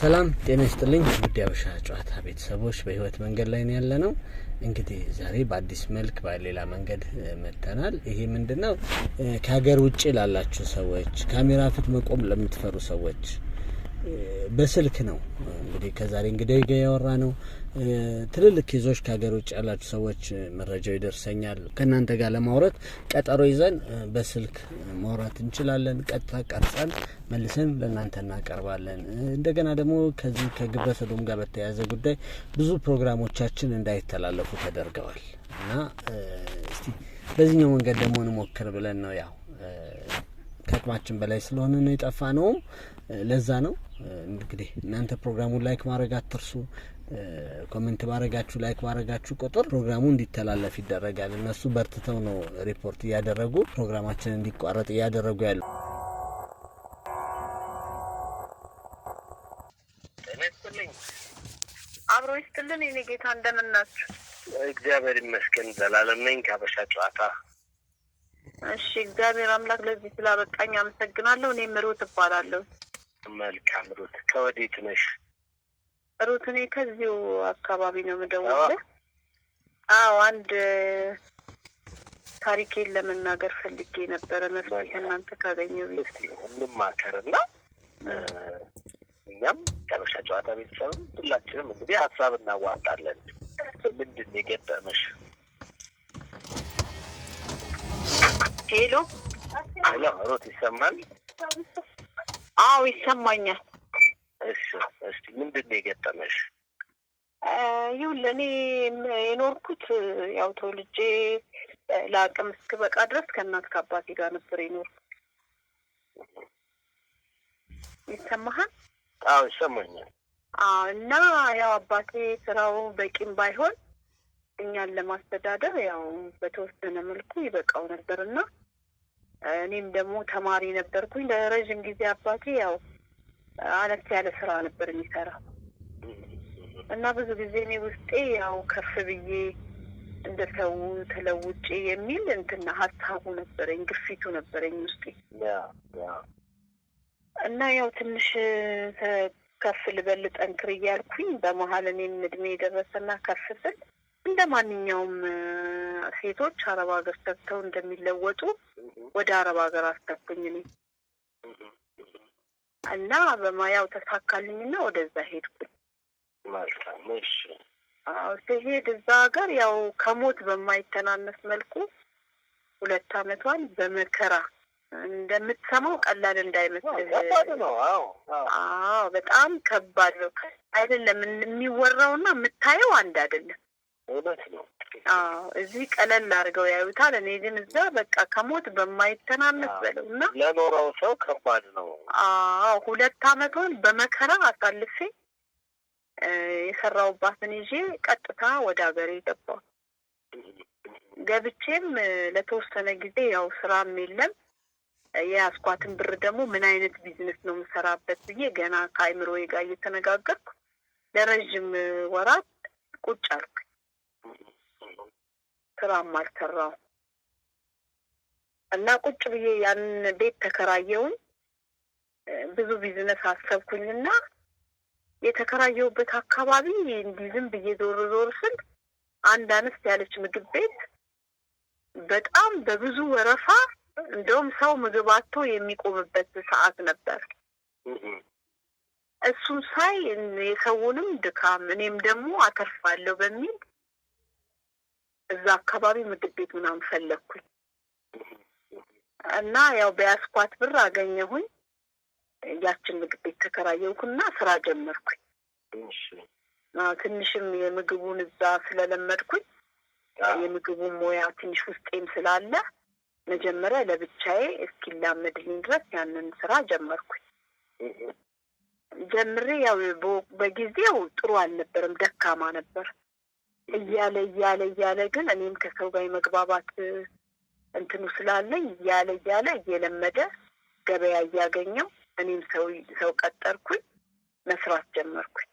ሰላም ጤና ይስጥልኝ። ውድ ያበሻ ጨዋታ ቤተሰቦች በህይወት መንገድ ላይ ያለ ነው። እንግዲህ ዛሬ በአዲስ መልክ በሌላ መንገድ መጥተናል። ይሄ ምንድን ነው? ከሀገር ውጭ ላላችሁ ሰዎች፣ ካሜራ ፊት መቆም ለምትፈሩ ሰዎች በስልክ ነው እንግዲህ ከዛሬ እንግዲህ ጋር ነው ትልልቅ ኬዞች ከሀገር ውጭ ያላችሁ ሰዎች መረጃው ይደርሰኛል። ከእናንተ ጋር ለማውረት ቀጠሮ ይዘን በስልክ ማውራት እንችላለን። ቀጥታ ቀርጸን መልሰን ለእናንተ እናቀርባለን። እንደገና ደግሞ ከዚህ ከግብረ ሰዶም ጋር በተያያዘ ጉዳይ ብዙ ፕሮግራሞቻችን እንዳይተላለፉ ተደርገዋል እና እስቲ በዚህኛው መንገድ ደግሞ እንሞክር ብለን ነው ያው ከአቅማችን በላይ ስለሆነ ነው የጠፋ ነው። ለዛ ነው እንግዲህ እናንተ ፕሮግራሙን ላይክ ማድረግ አትርሱ። ኮመንት ባረጋችሁ ላይክ ባረጋችሁ ቁጥር ፕሮግራሙ እንዲተላለፍ ይደረጋል። እነሱ በርትተው ነው ሪፖርት እያደረጉ ፕሮግራማችን እንዲቋረጥ እያደረጉ ያሉ። አብሮ ይስጥልን የኔ ጌታ እግዚአብሔር ይመስገን። ዘላለም ነኝ ጨዋታ እሺ፣ እግዚአብሔር አምላክ ለዚህ ስላበቃኝ አመሰግናለሁ። እኔም ሩት እባላለሁ። መልካም ሩት፣ ከወዴት ነሽ? ሩት፣ እኔ ከዚሁ አካባቢ ነው የምደውለው። አዎ፣ አንድ ታሪኬን ለመናገር ፈልጌ ነበረ። መፍትሄ እናንተ ካገኘ ቤት እንማከርና እኛም ቀበሻ ጨዋታ ቤተሰብም ሁላችንም እንግዲህ ሀሳብ እናዋጣለን። ምንድን የገጠመሽ ሄሎ ሄሎ፣ ሮት ይሰማል? አዎ ይሰማኛል። እሺ፣ እስቲ ምንድን ነው የገጠመሽ? የኖርኩት ያው ተወልጄ ለአቅም በቃ ድረስ ከእናት ከአባቴ ጋር ነበር የኖርኩት። ይሰማሃል? አዎ ይሰማኛል። እና ያው አባቴ ስራው በቂም ባይሆን እኛን ለማስተዳደር ያው በተወሰነ መልኩ ይበቃው ነበር እና እኔም ደግሞ ተማሪ ነበርኩኝ። ለረዥም ጊዜ አባቴ ያው አነስ ያለ ስራ ነበር የሚሰራው እና ብዙ ጊዜ እኔ ውስጤ ያው ከፍ ብዬ እንደ ሰው ተለውጬ የሚል እንትና ሀሳቡ ነበረኝ፣ ግፊቱ ነበረኝ ውስጤ እና ያው ትንሽ ከፍ ልበል ጠንክር እያልኩኝ በመሀል እኔም እድሜ የደረሰና ከፍ ስል እንደ ማንኛውም ሴቶች አረብ ሀገር ሰርተው እንደሚለወጡ ወደ አረብ ሀገር አስገቡኝ እኔ እና በማያው ተሳካልኝና ወደዛ ሄድኩኝ። ሲሄድ እዛ ሀገር ያው ከሞት በማይተናነስ መልኩ ሁለት አመቷን በመከራ እንደምትሰማው ቀላል እንዳይመስል። በጣም ከባድ ነው። አይደለም የሚወራውና የምታየው አንድ አይደለም። እውነት ነው። አዎ እዚህ ቀለል አድርገው ያዩታል። እኔ ግን እዛ በቃ ከሞት በማይተናነስ በለው እና ለኖረው ሰው ከባድ ነው። አዎ ሁለት አመቱን በመከራ አሳልፌ የሰራውባትን ይዤ ቀጥታ ወደ ሀገሬ ገባሁ። ገብቼም ለተወሰነ ጊዜ ያው ስራም የለም የያዝኳትን ብር ደግሞ ምን አይነት ቢዝነስ ነው የምሰራበት ብዬ ገና ከአይምሮዬ ጋር እየተነጋገርኩ ለረዥም ወራት ቁጭ አልኩ። ስራም አልሰራው እና ቁጭ ብዬ ያንን ቤት ተከራየውን ብዙ ቢዝነስ አሰብኩኝና የተከራየውበት አካባቢ እንዲህ ዝም ብዬ ዞር ዞር ስል አንድ አነስት ያለች ምግብ ቤት በጣም በብዙ ወረፋ እንደውም ሰው ምግብ አቶ የሚቆምበት ሰዓት ነበር። እሱም ሳይ የሰውንም ድካም እኔም ደግሞ አተርፋለሁ በሚል እዛ አካባቢ ምግብ ቤት ምናምን ፈለግኩኝ እና ያው በያስኳት ብር አገኘሁኝ። ያችን ምግብ ቤት ተከራየሁና ስራ ጀመርኩኝ። ትንሽም የምግቡን እዛ ስለለመድኩኝ የምግቡን ሙያ ትንሽ ውስጤም ስላለ መጀመሪያ ለብቻዬ እስኪላመድልኝ ድረስ ያንን ስራ ጀመርኩኝ። ጀምሬ ያው በጊዜው ጥሩ አልነበረም፣ ደካማ ነበር። እያለ እያለ እያለ ግን እኔም ከሰው ጋር የመግባባት እንትኑ ስላለኝ እያለ እያለ እየለመደ ገበያ እያገኘው እኔም ሰው ሰው ቀጠርኩኝ፣ መስራት ጀመርኩኝ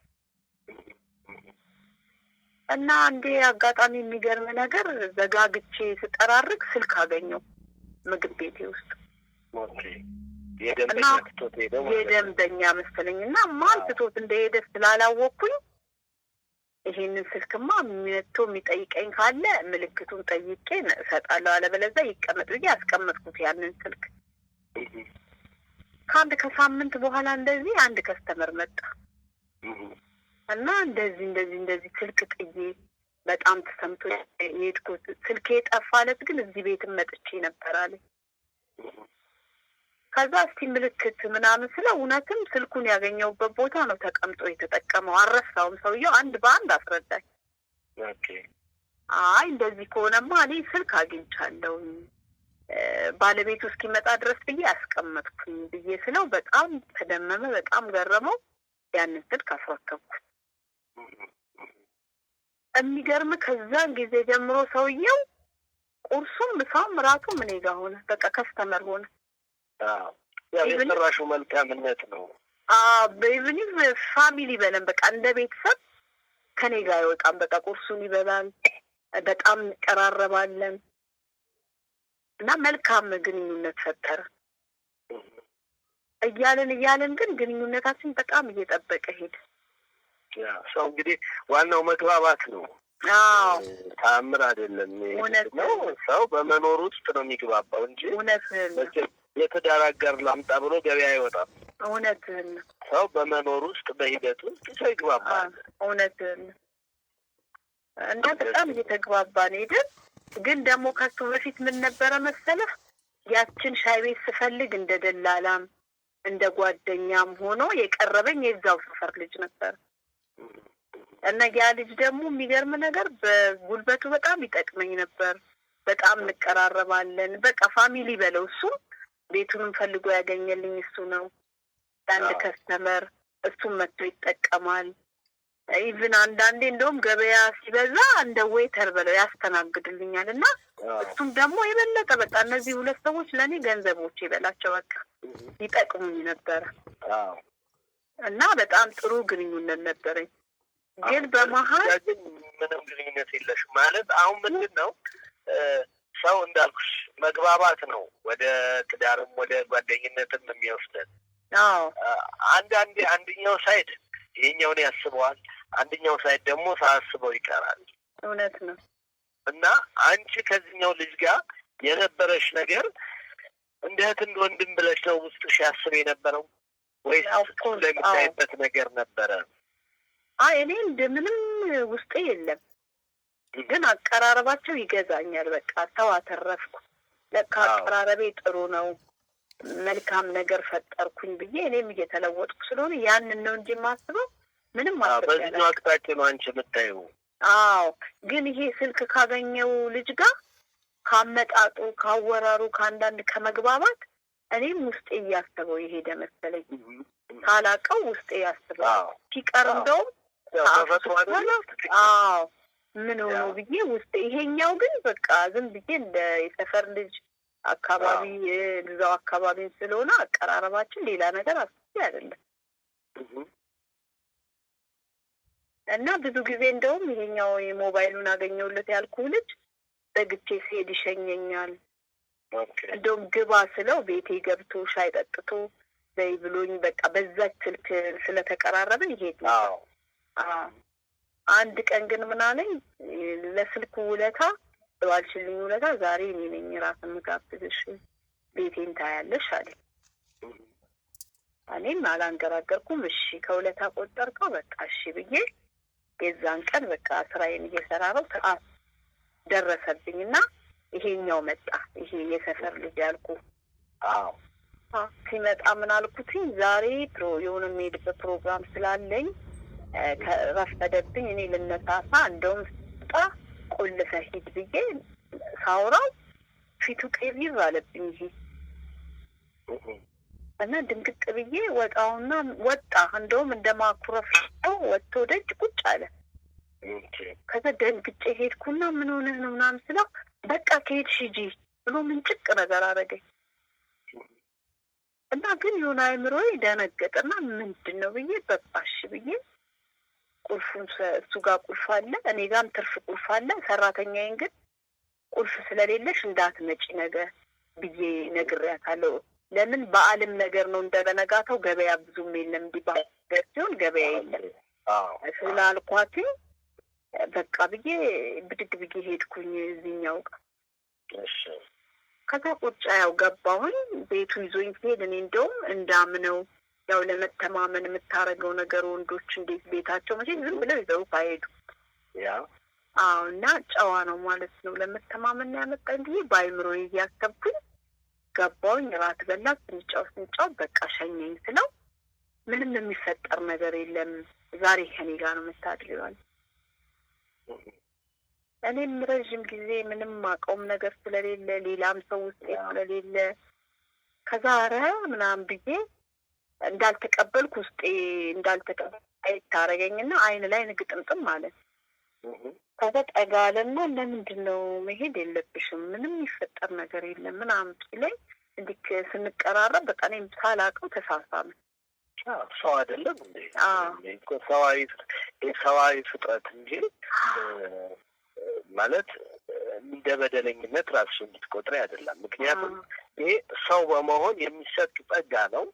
እና አንዴ አጋጣሚ የሚገርም ነገር ዘጋግቼ ስጠራርግ ስልክ አገኘው ምግብ ቤቴ ውስጥ የደንበኛ መሰለኝ እና ማን ትቶት እንደሄደ ስላላወቅኩኝ ይሄንን ስልክማ መጥቶ የሚጠይቀኝ ካለ ምልክቱን ጠይቄ እሰጣለሁ፣ አለበለዚያ ይቀመጥ ብዬ አስቀመጥኩት ያንን ስልክ። ከአንድ ከሳምንት በኋላ እንደዚህ አንድ ከስተመር መጣ እና እንደዚህ እንደዚህ እንደዚህ ስልክ ጥዬ በጣም ተሰምቶ የሄድኩት ስልክ የጠፋለት ግን እዚህ ቤትም መጥቼ ነበር አለኝ። ከዛ እስቲ ምልክት ምናምን ስለ እውነትም ስልኩን ያገኘውበት ቦታ ነው ተቀምጦ የተጠቀመው። አልረሳውም። ሰውየው አንድ በአንድ አስረዳኝ። አይ እንደዚህ ከሆነማ እኔ ስልክ አግኝቻለሁ ባለቤቱ እስኪመጣ ድረስ ብዬ አስቀመጥኩኝ ብዬ ስለው በጣም ተደመመ፣ በጣም ገረመው። ያንን ስልክ አስረከብኩት። የሚገርም ከዛን ጊዜ ጀምሮ ሰውየው ቁርሱም ምሳም ራቱ እኔ ሆነ። በቃ ከስተመር ሆነ። የሰራሹ መልካምነት ነው። በኢቭኒንግ ፋሚሊ በለን በቃ እንደ ቤተሰብ ከኔ ጋር አይወጣም። በቃ ቁርሱን ይበላል፣ በጣም እንቀራረባለን እና መልካም ግንኙነት ፈጠረ እያለን እያለን ግን ግንኙነታችን በጣም እየጠበቀ ሄድ ሰው እንግዲህ ዋናው መግባባት ነው። ተአምር አይደለም ነው። ሰው በመኖር ውስጥ ነው የሚግባባው እንጂ የትዳር አጋር ላምጣ ብሎ ገበያ አይወጣም። እውነትን ሰው በመኖር ውስጥ በሂደት ውስጥ ሰው ይግባባል። እውነትን እና በጣም እየተግባባን ሄደን ግን ደግሞ ከሱ በፊት ምን ነበረ መሰለህ ያችን ሻይ ቤት ስፈልግ እንደ ደላላም እንደ ጓደኛም ሆኖ የቀረበኝ የዛው ሰፈር ልጅ ነበር እና ያ ልጅ ደግሞ የሚገርም ነገር በጉልበቱ በጣም ይጠቅመኝ ነበር። በጣም እንቀራረባለን። በቃ ፋሚሊ በለው እሱም ቤቱንም ፈልጎ ያገኘልኝ እሱ ነው። አንድ ከስተመር እሱም መጥቶ ይጠቀማል። ኢቭን አንዳንዴ እንደውም ገበያ ሲበዛ እንደ ዌተር ብለው ያስተናግድልኛል እና እሱም ደግሞ የበለጠ በቃ እነዚህ ሁለት ሰዎች ለእኔ ገንዘቦች ይበላቸው በቃ ይጠቅሙኝ ነበረ እና በጣም ጥሩ ግንኙነት ነበረኝ። ግን በመሀል ምንም ግንኙነት የለሽ ማለት አሁን ምንድን ነው ሰው እንዳልኩሽ መግባባት ነው ወደ ትዳርም ወደ ጓደኝነትም የሚወስደን። አንዳንዴ አንድኛው ሳይድ ይሄኛውን ያስበዋል፣ አንድኛው ሳይድ ደግሞ ሳያስበው ይቀራል። እውነት ነው እና አንቺ ከዚህኛው ልጅ ጋር የነበረሽ ነገር እንደ እህት እንደ ወንድም ብለሽ ነው ውስጥሽ ያስብ የነበረው ወይስ ለሚታይበት ነገር ነበረ? አይ እኔ እንደምንም ውስጤ የለም ግን አቀራረባቸው ይገዛኛል። በቃ ተው አተረፍኩ፣ ለካ አቀራረቤ ጥሩ ነው፣ መልካም ነገር ፈጠርኩኝ ብዬ እኔም እየተለወጥኩ ስለሆነ ያንን ነው እንጂ የማስበው ምንም አበዚ አቅጣጫ ነው አንቺ የምታየው። አዎ፣ ግን ይሄ ስልክ ካገኘው ልጅ ጋር ካመጣጡ፣ ካወራሩ፣ ከአንዳንድ ከመግባባት እኔም ውስጤ እያስበው የሄደ መሰለኝ። ካላቀው ውስጤ ያስበው ሲቀር እንደውም አዎ ምን ሆነው ብዬ ውስጥ ይሄኛው ግን በቃ ዝም ብዬ እንደ የሰፈር ልጅ አካባቢ እዛው አካባቢ ስለሆነ አቀራረባችን ሌላ ነገር አስቤ አይደለም እና ብዙ ጊዜ እንደውም ይሄኛው የሞባይሉን አገኘውለት ያልኩ ልጅ በግቼ ሲሄድ ይሸኘኛል። እንደውም ግባ ስለው ቤቴ ገብቶ ሻይ ጠጥቶ በይ ብሎኝ በቃ በዛች ስልክ ስለተቀራረብን ይሄድ አንድ ቀን ግን ምናለኝ ለስልኩ ውለታ ባልችልኝ ውለታ ዛሬ እኔ ነኝ ራስን ቤቴን ታያለሽ አለኝ። እኔም አላንገራገርኩም። እሺ ከውለታ ቆጠርከው በቃ እሺ ብዬ የዛን ቀን በቃ ስራዬን እየሰራ ነው። ሰዓት ደረሰብኝ እና ይሄኛው መጣ። ይሄ የሰፈር ልጅ ያልኩ ሲመጣ ምን አልኩትኝ ዛሬ የሆነ የምሄድበት ፕሮግራም ስላለኝ ረፈደብኝ። እኔ ልነሳሳ እንደውም ስጣ ቆልፈ ሂድ ብዬ ሳውራው ፊቱ ቅቢር አለብኝ። ይሄ እና ድንቅቅ ብዬ ወጣውና ወጣ። እንደውም እንደ ማኩረፍ ወጥቶ ደጅ ቁጭ አለ። ከዛ ደንግጬ ሄድኩና ምን ሆነህ ነው ምናምን ስለው በቃ ከሄድሽ ሂጂ ብሎ ምንጭቅ ነገር አደረገኝ። እና ግን የሆነ አእምሮዬ ደነገጠና ምንድን ነው ብዬ በባሽ ብዬ ቁልፉን እሱ ጋር ቁልፍ አለ፣ እኔ ጋም ትርፍ ቁልፍ አለ። ሰራተኛዬን ግን ቁልፍ ስለሌለሽ እንዳትመጪ ነገ ብዬ ነግሬያታለሁ። ለምን በዓልም ነገር ነው እንደበነጋተው ገበያ ብዙም የለም። እንዲህ ሲሆን ገበያ የለም ስላልኳት በቃ ብዬ ብድግ ብዬ ሄድኩኝ እዚህኛው ጋር። ከዛ ቁጫ ያው ገባሁኝ። ቤቱ ይዞኝ ሲሄድ እኔ እንደውም እንዳምነው ያው ለመተማመን የምታደርገው ነገር ወንዶች እንዴት ቤታቸው መቼ ዝም ብለው ይዘው አይሄዱ። አዎ እና ጨዋ ነው ማለት ነው። ለመተማመን ነው ያመጣኝ ጊዜ በአይምሮ እያሰብኩኝ ገባውኝ። ራት በላ ስንጫው ስንጫው በቃ ሸኘኝ ስለው ምንም የሚፈጠር ነገር የለም ዛሬ ከኔ ጋር ነው መታድሪዋል። እኔም ረዥም ጊዜ ምንም ማቀውም ነገር ስለሌለ ሌላም ሰው ውስጤ ስለሌለ ከዛረ ምናምን ብዬ እንዳልተቀበልኩ ውስጤ እንዳልተቀበል አይታረገኝና አይን ላይ ንግጥምጥም ማለት ከዛ ጠጋ ለምንድን ነው መሄድ የለብሽም ምንም የሚፈጠር ነገር የለም ምናምን ሲለኝ እንዲህ ስንቀራረብ በቃ እኔም ሳላውቀው ተሳሳም ሰው አይደለም እ ሰዋዊ ፍጥረት እንጂ ማለት እንደ በደለኝነት ራሱ እንድትቆጥረ አይደለም ምክንያቱም ይሄ ሰው በመሆን የሚሰጥ ጸጋ ነው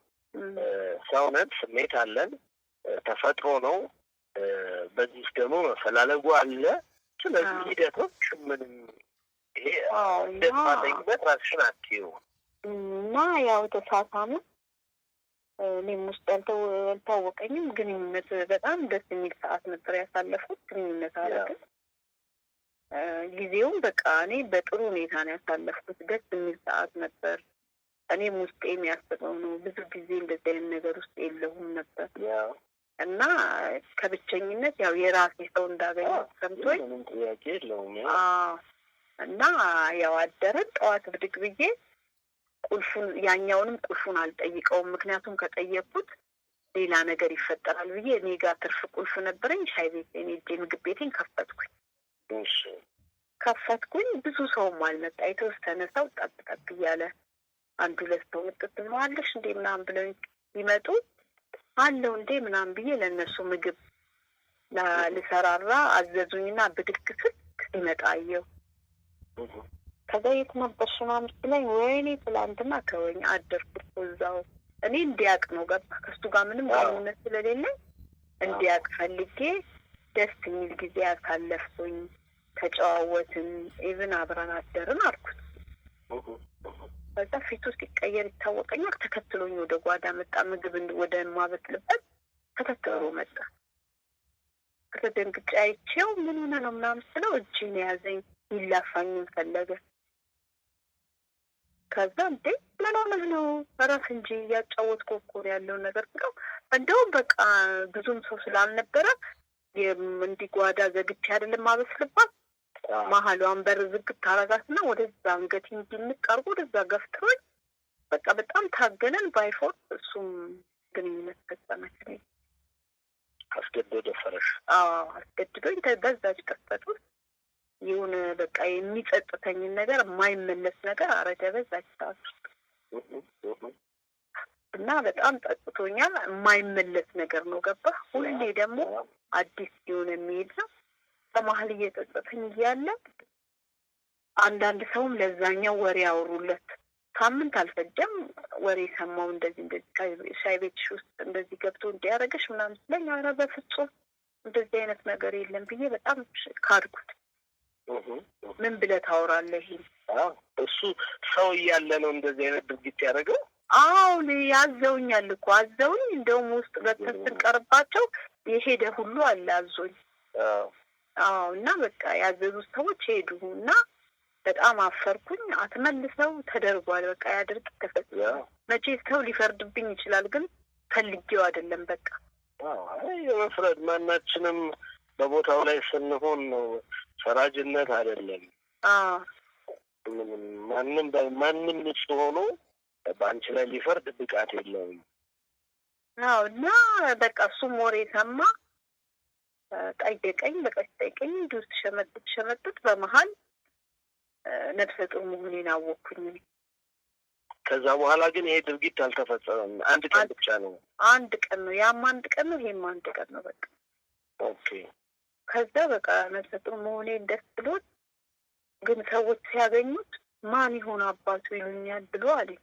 ሰውነት ስሜት አለን፣ ተፈጥሮ ነው። በዚህ ውስጥ ደግሞ መፈላለጉ አለ። ስለዚህ ሂደቶች ምንም ይሄ እንደማለኝበት ራስሽን አትዩ እና ያው ተሳሳሙ እኔም ውስጥ አልታወቀኝም። ግንኙነት በጣም ደስ የሚል ሰዓት ነበር ያሳለፉት። ግንኙነት አረግን ጊዜውም በቃ እኔ በጥሩ ሁኔታ ነው ያሳለፍኩት። ደስ የሚል ሰዓት ነበር። እኔም ውስጤ የሚያስበው ነው። ብዙ ጊዜ እንደዚህ አይነት ነገር ውስጥ የለሁም ነበር እና ከብቸኝነት ያው የራሴ ሰው እንዳገኘ ሰምቶኝ ጥያቄ የለውም እና ያው አደረን። ጠዋት ብድግ ብዬ ቁልፉን ያኛውንም ቁልፉን አልጠይቀውም። ምክንያቱም ከጠየቅኩት ሌላ ነገር ይፈጠራል ብዬ እኔ ጋር ትርፍ ቁልፍ ነበረኝ። ሻይ ቤት እኔ ምግብ ቤቴን ከፈትኩኝ ከፈትኩኝ። ብዙ ሰውም አልመጣ። የተወሰነ ሰው ጠብ ጠብ እያለ አንዱ ለስተው ሰው ምጥት ትለዋለሽ እንዴ ምናምን ብለው ይመጡ አለው እንዴ ምናምን ብዬ ለእነሱ ምግብ ልሰራራ አዘዙኝና ብድግ ስልክ ይመጣ አየው። ከዛ የት ነበርሽ ምናምን ስትለኝ ወይኔ ትላንትና ከወኝ አደርኩ እዛው እኔ እንዲያቅ ነው ገባ ከሱ ጋር ምንም ግንኙነት ስለሌለኝ እንዲያቅ ፈልጌ ደስ የሚል ጊዜ አሳለፍኩኝ። ተጨዋወትን፣ ኢቭን አብረን አደርን አልኩት። ከዛ ፊቱ ሲቀየር ይታወቀኛል። ተከትሎኝ ወደ ጓዳ መጣ። ምግብ ወደ ማበስልበት ተከትሎ መጣ። ከተደንግጬ አይቼው ምን ሆነ ነው ምናምን ስለው እጅን የያዘኝ ይላፋኝን ፈለገ። ከዛ እንዴ ምን ሆነህ ነው እረፍ እንጂ እያጫወት ኮኮር ያለው ነገር ብለው እንደውም በቃ ብዙም ሰው ስላልነበረ እንዲህ ጓዳ ዘግቼ አይደለም ማበስልባት መሀሏን በር ዝግት አረጋትና ወደዛ አንገት እንዲንቀርቡ ወደዛ ገፍትሮኝ በቃ በጣም ታገለን ባይፎር እሱም ግንኙነት ፈጸመችኝ። አስገድዶ ደፈረሽ? አዎ አስገድዶኝ። በዛ ቅጽበት ውስጥ ይሁን በቃ የሚጸጥተኝን ነገር የማይመለስ ነገር አረገ በዛ ሰዓት ውስጥ እና በጣም ጠጥቶኛል። የማይመለስ ነገር ነው ገባ። ሁሌ ደግሞ አዲስ ሲሆን የሚሄድ ነው በመሀል እየጸጸተኝ እያለ አንዳንድ ሰውም ለዛኛው ወሬ ያወሩለት ሳምንት አልፈጀም። ወሬ ሰማው እንደዚህ እንደዚህ ሻይ ቤትሽ ውስጥ እንደዚህ ገብቶ እንዲያደረገሽ ምናምን ስለኝ፣ ኧረ በፍጹም እንደዚህ አይነት ነገር የለም ብዬ በጣም ካድኩት። ምን ብለህ ታወራለህ? እሱ ሰው እያለ ነው እንደዚህ አይነት ድርጊት ያደረገው። አሁን ያዘውኛል እኮ አዘውኝ። እንደውም ውስጥ ገብተን ስንቀርባቸው የሄደ ሁሉ አለ አዞኝ አዎ። እና በቃ ያዘዙት ሰዎች ሄዱ እና በጣም አፈርኩኝ። አትመልሰው ተደርጓል። በቃ ያድርግ ተፈጽ መቼ ሰው ሊፈርድብኝ ይችላል፣ ግን ፈልጌው አይደለም። በቃ የመፍረድ ማናችንም በቦታው ላይ ስንሆን ነው። ፈራጅነት አይደለም። ማንም ማንም ንጹሕ ሆኖ በአንቺ ላይ ሊፈርድ ብቃት የለውም። አዎ እና በቃ እሱም ወሬ ሰማ ጠየቀኝ። በቃ ሲጠይቀኝ እንዲሁ ስትሸመጥጥ ሸመጥጥ በመሀል ነፍሰ ጡር መሆኔን አወቅኩኝ። ከዛ በኋላ ግን ይሄ ድርጊት አልተፈጸመም። አንድ ቀን ብቻ ነው። አንድ ቀን ነው። ያም አንድ ቀን ነው፣ ይሄም አንድ ቀን ነው። በቃ ኦኬ። ከዛ በቃ ነፍሰ ጡር መሆኔን ደስ ብሎት፣ ግን ሰዎች ሲያገኙት ማን ይሆን አባቱ ይሉኛል ብሎ አለኝ።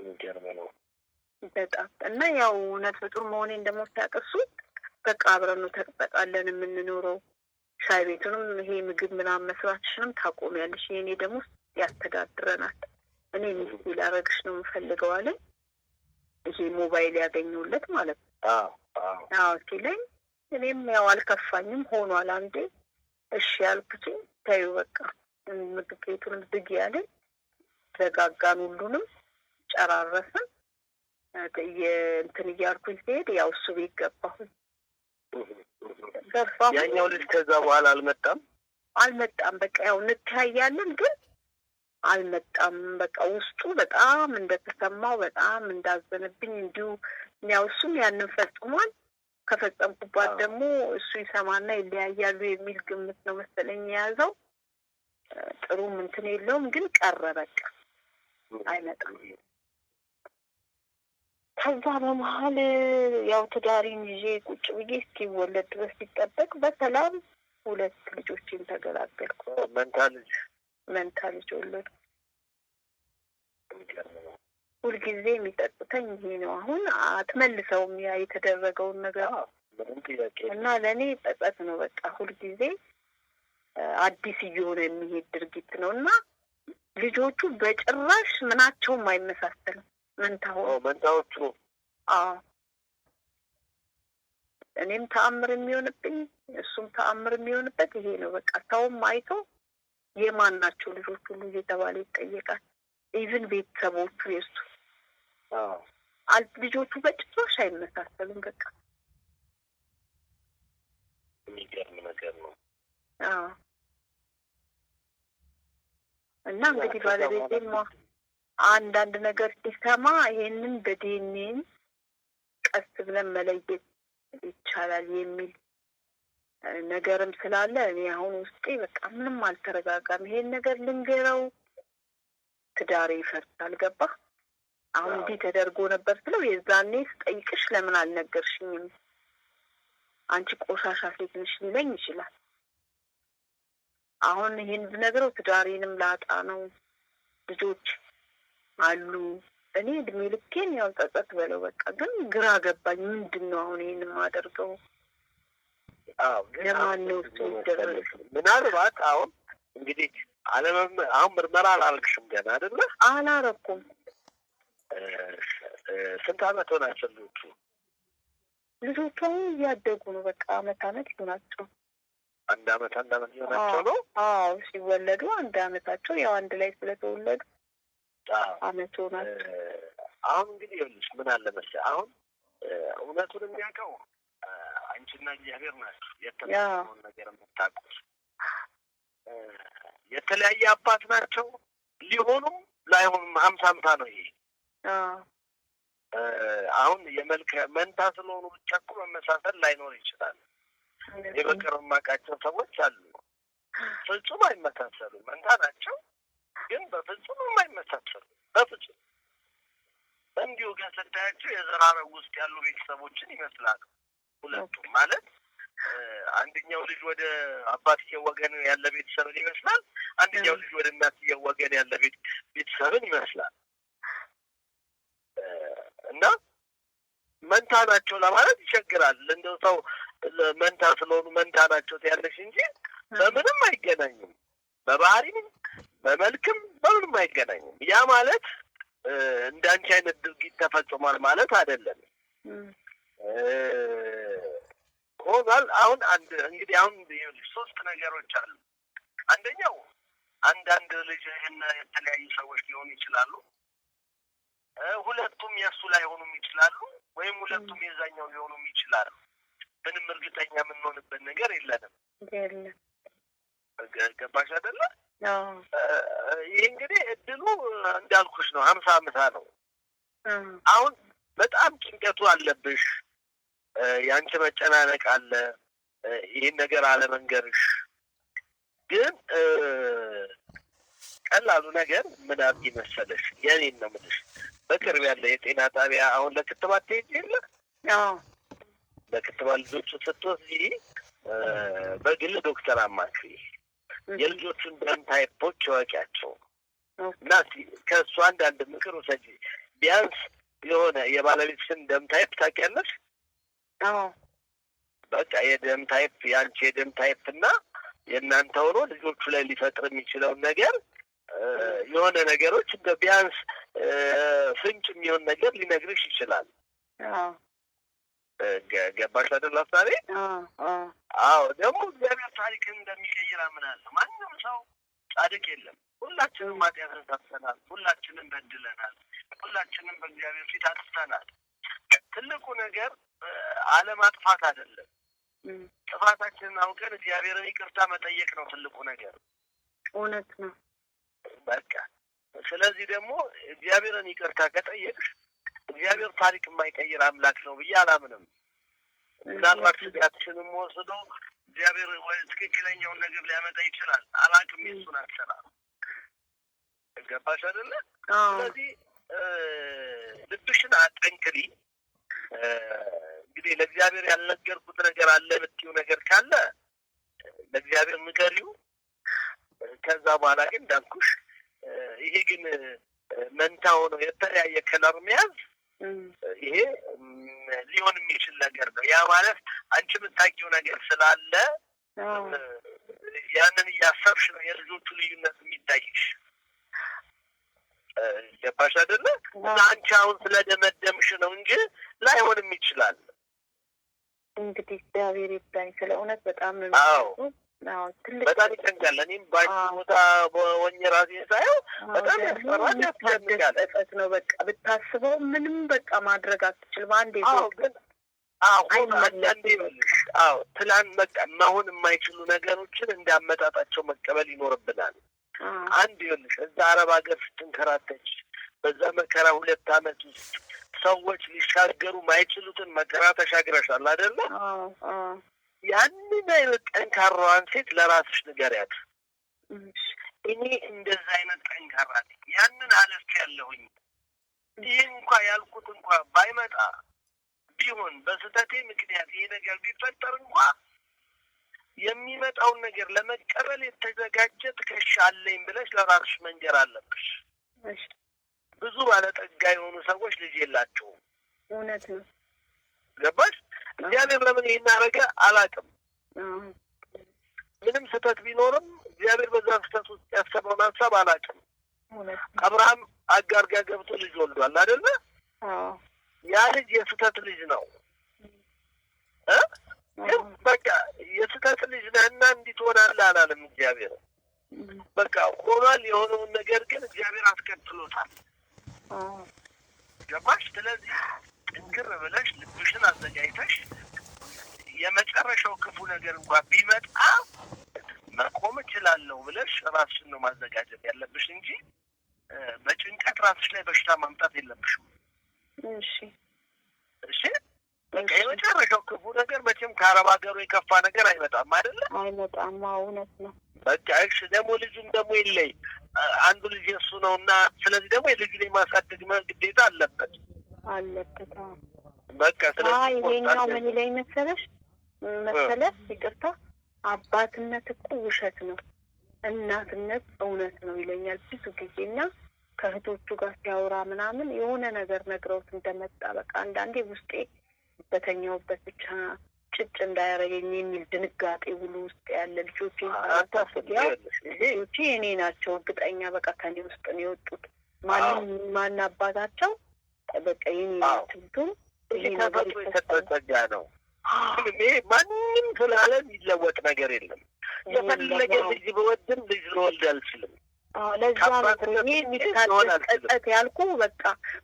የሚገርም ነው። በጣም እና ያው እውነት ፍጡር መሆኔን ደግሞ ሲያቅሱ በቃ አብረን ነው ተቅበጣለን የምንኖረው። ሻይ ቤቱንም ይሄ ምግብ ምናምን መስራትሽንም ታቆሚያለሽ፣ የእኔ ደግሞ ያስተዳድረናል። እኔ ሚስት ላረግሽ ነው የምፈልገው አለኝ። ይሄ ሞባይል ያገኘሁለት ማለት ነው። ሲለኝ እኔም ያው አልከፋኝም፣ ሆኗል አንዴ እሺ ያልኩት ታዩ በቃ ምግብ ቤቱንም ዝግ ያለኝ ዘጋጋን ሁሉንም ጨራረስን። እንትን እያልኩኝ ሲሄድ ያው እሱ ቤት ገባሁኝ። ያኛው ልጅ ከዛ በኋላ አልመጣም አልመጣም። በቃ ያው እንተያያለን ግን አልመጣም። በቃ ውስጡ በጣም እንደተሰማው በጣም እንዳዘነብኝ እንዲሁ ያው እሱም ያንን ፈጽሟል። ከፈጸምኩባት ደግሞ እሱ ይሰማና ይለያያሉ የሚል ግምት ነው መሰለኝ የያዘው። ጥሩም እንትን የለውም ግን ቀረ። በቃ አይመጣም። ከዛ በመሀል ያው ትዳሪን ይዤ ቁጭ ብዬ እስኪወለድ ድረስ ሲጠበቅ በሰላም ሁለት ልጆችን ተገላገልኩ። መንታ ልጅ መንታ ልጅ ወለድኩ። ሁልጊዜ የሚጠጡተኝ ይሄ ነው። አሁን አትመልሰውም ያ የተደረገውን ነገር እና ለእኔ ጸጸት ነው። በቃ ሁልጊዜ አዲስ እየሆነ የሚሄድ ድርጊት ነው እና ልጆቹ በጭራሽ ምናቸውም አይመሳሰልም። መንታው መንታዎቹ እኔም ተአምር የሚሆንብኝ እሱም ተአምር የሚሆንበት ይሄ ነው። በቃ ሰውም አይቶ የማን ናቸው ልጆች ሁሉ እየተባለ ይጠየቃል። ኢቭን ቤተሰቦቹ የእሱ ልጆቹ በጭራሽ አይመሳሰሉም። በቃ የሚገርም ነገር ነው። እና እንግዲህ ባለቤቴ አንዳንድ ነገር ሲሰማ ይሄንን በዲኒን ቀስ ብለን መለየት ይቻላል የሚል ነገርም ስላለ እኔ አሁን ውስጤ በቃ ምንም አልተረጋጋም። ይሄን ነገር ልንገረው ትዳሬ ይፈርሳል። ገባ አሁን እንዲህ ተደርጎ ነበር ስለው የዛኔ ስጠይቅሽ ለምን አልነገርሽኝም? አንቺ ቆሻሻ ሴት ነሽ ሊለኝ ይችላል። አሁን ይህን ብነግረው ትዳሬንም ላጣ ነው ልጆች አሉ። እኔ እድሜ ልኬን ያው ጸጸት በለው በቃ። ግን ግራ ገባኝ። ምንድን ነው አሁን ይህን የማደርገው? ለማን ነው እሱ የሚደረግ? ምናልባት አሁን እንግዲህ አለመም አሁን ምርመራ አላልክሽም ገና አደለ? አላረኩም። ስንት አመት ሆናቸው ልጆቹ? ልጆቹ እያደጉ ነው። በቃ አመት አመት ይሆናቸው አንድ አመት አንድ አመት ይሆናቸው ነው። አዎ ሲወለዱ አንድ አመታቸው ያው አንድ ላይ ስለተወለዱ አመት ሆኗል። አሁን እንግዲህ ይኸውልሽ ምን አለ መሰለህ አሁን እውነቱን የሚያውቀው አንቺና እግዚአብሔር ናቸው። የተለያየውን ነገር የምታውቁት የተለያየ አባት ናቸው ሊሆኑም ላይሆኑም ሀምሳ ሀምሳ ነው። ይሄ አሁን የመልክ መንታ ስለሆኑ ብቻ እኮ መመሳሰል ላይኖር ይችላል። የበቀር የማውቃቸው ሰዎች አሉ ፍጹም አይመሳሰሉም። መንታ ናቸው ግን በፍጹም የማይመሳሰሉ በፍጹም እንዲሁ ግን ስታያቸው የዘራረ ውስጥ ያሉ ቤተሰቦችን ይመስላሉ ሁለቱም ማለት አንደኛው ልጅ ወደ አባትየው ወገን ያለ ቤተሰብን ይመስላል። አንደኛው ልጅ ወደ እናትየው ወገን ያለ ቤተሰብን ይመስላል እና መንታ ናቸው ለማለት ይቸግራል። እንደው ሰው መንታ ስለሆኑ መንታ ናቸው ያለሽ እንጂ በምንም አይገናኙም። በባህሪንም በመልክም በምንም አይገናኝም። ያ ማለት እንደ አንቺ አይነት ድርጊት ተፈጽሟል ማለት አይደለም። ሆኗል። አሁን አንድ እንግዲህ አሁን ሶስት ነገሮች አሉ። አንደኛው አንዳንድ ልጅ እና የተለያዩ ሰዎች ሊሆኑ ይችላሉ። ሁለቱም የእሱ ላይሆኑም ይችላሉ፣ ወይም ሁለቱም የዛኛው ሊሆኑም ይችላሉ። ምንም እርግጠኛ የምንሆንበት ነገር የለንም። ገባሽ አይደለም ይህ እንግዲህ እድሉ እንዳልኩሽ ነው። ሀምሳ ሀምሳ ነው። አሁን በጣም ጭንቀቱ አለብሽ። የአንቺ መጨናነቅ አለ። ይህን ነገር አለመንገርሽ ግን ቀላሉ ነገር ምን አድርጊ መሰለሽ፣ የኔን ነው የምልሽ። በቅርብ ያለ የጤና ጣቢያ አሁን ለክትባት ትሄጂ የለ ለክትባት ልጆቹ ስትወስጂ በግል ዶክተር አማክሪ። የልጆቹን ደም ታይፖች ይወቂያቸው እና ከእሱ አንዳንድ ምክር ውሰጂ። ቢያንስ የሆነ የባለቤትሽን ደም ታይፕ ታውቂያለሽ? በቃ የደም ታይፕ የአንቺ የደም ታይፕ እና የእናንተ ሆኖ ልጆቹ ላይ ሊፈጥር የሚችለውን ነገር የሆነ ነገሮች እንደ ቢያንስ ፍንጭ የሚሆን ነገር ሊነግርሽ ይችላል። ገባሽ አይደል ሀሳቤ? አዎ። ደግሞ እግዚአብሔር ታሪክን እንደሚቀይር አምናለሁ። ማንም ሰው ጻድቅ የለም። ሁላችንም ኃጢአትን ሰርተናል። ሁላችንም በድለናል። ሁላችንም በእግዚአብሔር ፊት አጥፍተናል። ትልቁ ነገር አለማጥፋት አይደለም፣ ጥፋታችንን አውቀን እግዚአብሔርን ይቅርታ መጠየቅ ነው ትልቁ ነገር። እውነት ነው። በቃ ስለዚህ ደግሞ እግዚአብሔርን ይቅርታ ከጠየቅሽ እግዚአብሔር ታሪክ የማይቀይር አምላክ ነው ብዬ አላምንም። ምናልባት ስጋትሽንም ወስዶ እግዚአብሔር ወደ ትክክለኛውን ነገር ሊያመጣ ይችላል። አላቅም የሱን አሰራ ገባሽ አይደለ? ስለዚህ ልብሽን አጠንክሪ። እንግዲህ ለእግዚአብሔር ያልነገርኩት ነገር አለ ብትይው ነገር ካለ ለእግዚአብሔር ምከሪው። ከዛ በኋላ ግን እንዳልኩሽ ይሄ ግን መንታ ነው የተለያየ ከለር መያዝ ይሄ ሊሆን የሚችል ነገር ነው። ያ ማለት አንቺ የምታውቂው ነገር ስላለ ያንን እያሰብሽ ነው የልጆቹ ልዩነት የሚታይሽ። ገባሽ አይደለ? እና አንቺ አሁን ስለደመደምሽ ነው እንጂ ላይሆንም ይችላል። እንግዲህ እግዚአብሔር ይርዳኝ። ስለ እውነት በጣም ነው በጣም ይጨንቃል። እኔም ባንክ ቦታ ወኝ ራሴን ሳየው በጣም ያስፈራል፣ ያስጨንቃል። እጠት ነው በቃ ብታስበው ምንም በቃ ማድረግ አትችልም። አንዴ አሁን አንዳንዴ አዎ ትላንት በቃ መሆን የማይችሉ ነገሮችን እንዳመጣጣቸው መቀበል ይኖርብናል። አንድ ይኸውልሽ እዛ አረብ ሀገር ስትንከራተች በዛ መከራ ሁለት አመት ውስጥ ሰዎች ሊሻገሩ ማይችሉትን መከራ ተሻግረሻል አይደለ? ያንን አይነት ጠንካራዋን ሴት ለራስሽ ንገሪያት። እኔ እንደዛ አይነት ጠንካራ ነኝ፣ ያንን አለፍ ያለሁኝ ይህ እንኳ ያልኩት እንኳ ባይመጣ ቢሆን በስህተቴ ምክንያት ይሄ ነገር ቢፈጠር እንኳ የሚመጣውን ነገር ለመቀበል የተዘጋጀ ትከሻ አለኝ ብለሽ ለራስሽ መንገር አለብሽ። ብዙ ባለጠጋ የሆኑ ሰዎች ልጅ የላቸውም። እውነት ነው። ገባሽ? እግዚአብሔር ለምን ይህን አረገ አላቅም። ምንም ስህተት ቢኖርም እግዚአብሔር በዛ ስህተት ውስጥ ያሰበውን ሀሳብ አላቅም። አብርሃም አጋር ጋር ገብቶ ልጅ ወልዷል አይደለ? ያ ልጅ የስህተት ልጅ ነው። ግን በቃ የስህተት ልጅ ነህ እና እንዲህ አላለም እግዚአብሔር። በቃ ሆኗል። የሆነውን ነገር ግን እግዚአብሔር አስከትሎታል። ገባሽ? ስለዚህ ጥንክር ብለሽ ልብሽን አዘጋጅተሽ የመጨረሻው ክፉ ነገር እንኳን ቢመጣ መቆም እችላለሁ ብለሽ ራስሽን ነው ማዘጋጀት ያለብሽ እንጂ በጭንቀት ራስሽ ላይ በሽታ ማምጣት የለብሽም። እሺ፣ እሺ። የመጨረሻው ክፉ ነገር መቼም ከአረብ ሀገሩ የከፋ ነገር አይመጣም፣ አይደለም? አይመጣም። እውነት ነው። በቃ እሺ። ደግሞ ልጁም ደግሞ የለይ አንዱ ልጅ እሱ ነው እና ስለዚህ ደግሞ ላይ የማሳደግ ግዴታ አለበት። አለበት። በቃ ምን ይለኝ መሰለሽ ይቅርታ፣ አባትነት እኮ ውሸት ነው፣ እናትነት እውነት ነው ይለኛል ብዙ ጊዜ እና ከእህቶቹ ጋር ሲያወራ ምናምን የሆነ ነገር ነግረውት እንደመጣ በቃ አንዳንዴ ውስጤ በተኛውበት ብቻ ጭጭ እንዳያረገኝ የሚል ድንጋጤ ውሉ ውስጥ ያለ የኔ ናቸው እርግጠኛ በቃ ከኔ ውስጥ ነው የወጡት። ማንም ማን አባታቸው በቃ የሚትንቱም ጸጋ ነው። እኔ ማንም ስላለ የሚለወጥ ነገር የለም። የፈለገ ልጅ ልጅ ልወልድ አልችልም። ያልኩ። በቃ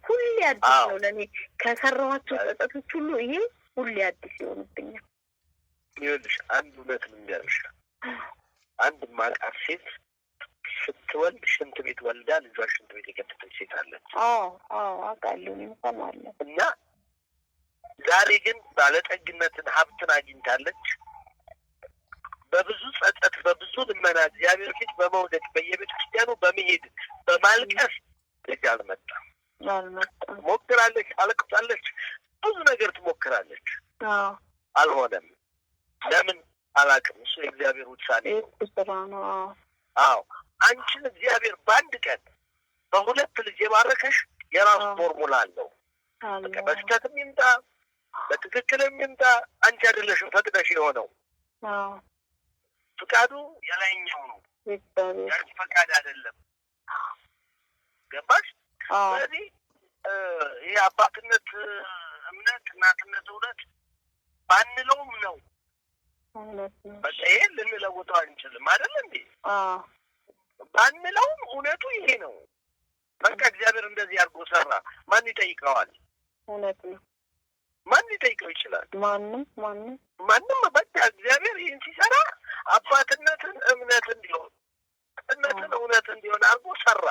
ሁሌ አዲስ ነው ለእኔ ከሰራኋቸው ጸጸቶች ሁሉ ይሄ ሁሌ አዲስ ይሆንብኛል። ይኸውልሽ አንድ እውነት አንድ ሴት ስትወልድ ሽንት ቤት ወልዳ ልጇ ሽንት ቤት የከተተች ሴት አለች። እና ዛሬ ግን ባለጠግነትን ሀብትን አግኝታለች። በብዙ ጸጸት፣ በብዙ ልመና እግዚአብሔር ፊት በመውደድ በየቤተ ክርስቲያኑ በመሄድ በማልቀስ ልጅ አልመጣም። ሞክራለች፣ አለቅሳለች፣ ብዙ ነገር ትሞክራለች። አልሆነም። ለምን አላውቅም። እሱ የእግዚአብሔር ውሳኔ ነው። አዎ አንቺን እግዚአብሔር በአንድ ቀን በሁለት ልጅ የባረከሽ የራሱ ፎርሙላ አለው። በስተትም ይምጣ በትክክልም ይምጣ አንቺ አይደለሽም ፈቅደሽ የሆነው ፍቃዱ የላይኛው ነው፣ ያንቺ ፈቃድ አይደለም። ገባሽ? ስለዚህ ይህ አባትነት እምነት እናትነት እውነት ባንለውም ነው። በቃ ይሄን ልንለውጠው አንችልም አይደለም። እንዴ? ባንለውም እውነቱ ይሄ ነው። በቃ እግዚአብሔር እንደዚህ አድርጎ ሰራ። ማን ይጠይቀዋል? እውነት ነው። ማን ሊጠይቀው ይችላል? ማንም ማንም ማንም። በቃ እግዚአብሔር ይህን ሲሰራ አባትነትን እምነት እንዲሆን እምነትን እውነት እንዲሆን አድርጎ ሰራ።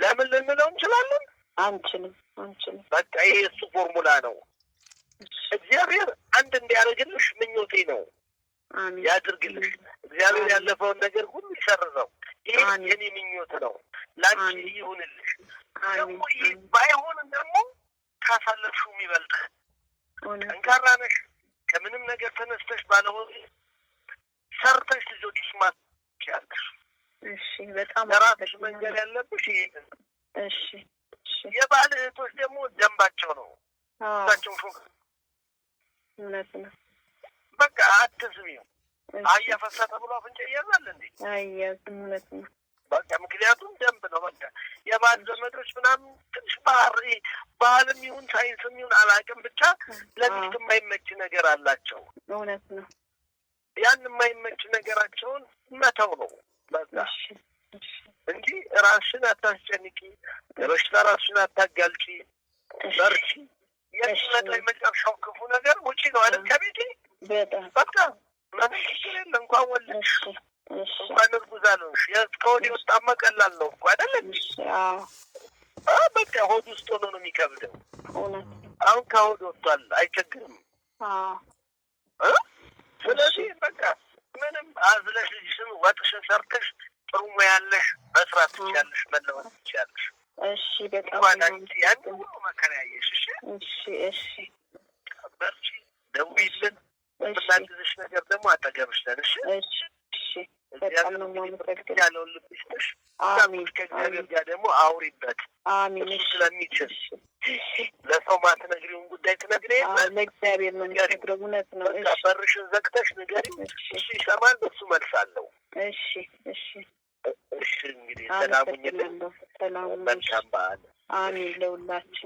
ለምን ልንለው እንችላለን? አንችልም አንችልም። በቃ ይሄ እሱ ፎርሙላ ነው። እግዚአብሔር አንድ እንዲያደርግልሽ ምኞቴ ነው። ያድርግልሽ። እግዚአብሔር ያለፈውን ነገር ሁሉ ይሰርዘው። ይህ የኔ ምኞት ነው። ላንቺ ይሁንልሽ። ደግሞ ይህ ባይሆን ደግሞ ካሳለፍሽው ይበልጥ ጠንካራ ነሽ። ከምንም ነገር ተነስተሽ ባለሆን ሰርተሽ ልጆችሽ ማስቻ ያለሽ። እሺ፣ በጣም ለራስሽ መንገድ ያለብሽ ይሄ። እሺ፣ የባል እህቶች ደግሞ ደንባቸው ነው። እሳቸው እውነት ነው። አትስሚው። አያ ብሎ አፍንጫ ይያዛል እንዴ? አያዝም። ነው። በቃ ምክንያቱም ደንብ ነው። በቃ የባህል ዘመዶች ምናምን ትንሽ ባህር ባህልም ይሁን ሳይንስም ይሁን አላውቅም፣ ብቻ ለሚስት የማይመች ነገር አላቸው። እውነት ነው። ያን የማይመች ነገራቸውን መተው ነው በቃ እንጂ ራስሽን አታስጨንቂ፣ በሽታ ራስሽን አታጋልጪ፣ በርቺ። የትመጣ የመጨረሻው ክፉ ነገር ውጪ ነው አይደል ከቤቴ በጣም በቃ ምንም ችግር እንኳን ወለድሽ እንኳን እርጉዝ አልሆንሽ ከወዲህ ውስጥ አመቀላል ነው እኮ አይደለም። በቃ ሆድ ውስጥ ሆኖ ነው የሚከብደው። አሁን ከሆድ ወጥቷል፣ አይቸግርም። ስለዚህ በቃ ምንም አዝለሽ ልጅሽን ወጥሽን ሰርተሽ ጥሩ ሙያለሽ መስራት ትችያለሽ፣ መለወጥ ትችያለሽ። እሺ በጣም ያን ሁሉ መከራ ያየሽ። እሺ እሺ፣ በርቺ፣ ደውዪልን ላግዝሽ ነገር ደግሞ አጠገብሽ ነን። እሺ እሺ። ያለውን ከእግዚአብሔር ጋር ደግሞ አውሪበት። ስለሚችል ለሰው ማትነግሪውን ጉዳይ ትነግሪ ለእግዚአብሔር ዘግተሽ እሱ ይሰማል። በሱ መልስ አለው። እሺ እሺ እሺ። እንግዲህ ለሁላችን።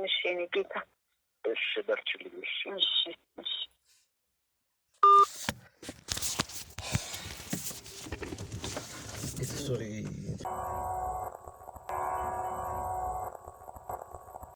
እሺ ጌታ እሺ። በርችልኝ። እሺ እሺ 这里。